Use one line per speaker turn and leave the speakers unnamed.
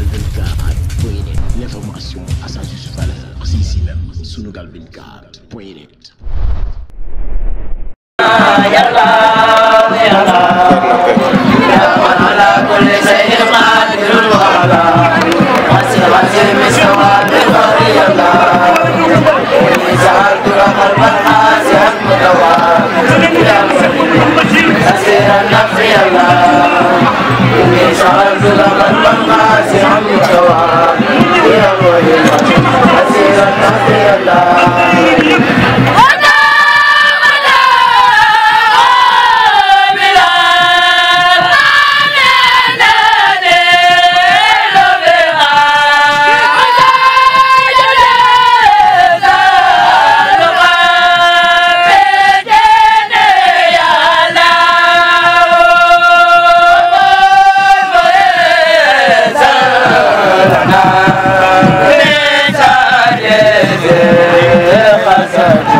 Sunugal 24 point net l'information à sa juste valeur c'est ici même Sunugal 24 point net ah, Hassan